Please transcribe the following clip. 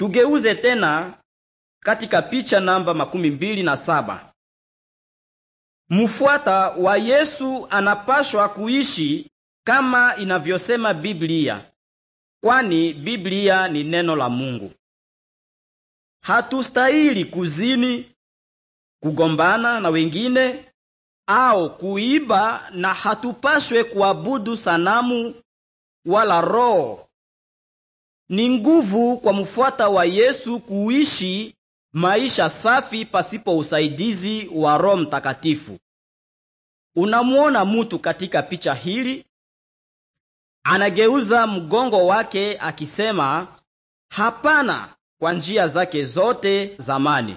Tugeuze tena katika picha namba makumi mbili na saba. Mfuata wa Yesu anapashwa kuishi kama inavyosema Biblia, kwani Biblia ni neno la Mungu. Hatustahili kuzini, kugombana na wengine au kuiba, na hatupashwe kuabudu sanamu wala roho ni nguvu kwa mfuata wa Yesu kuishi maisha safi pasipo usaidizi wa Roho Mtakatifu. unamuona mtu katika picha hili anageuza mgongo wake akisema hapana kwa njia zake zote zamani.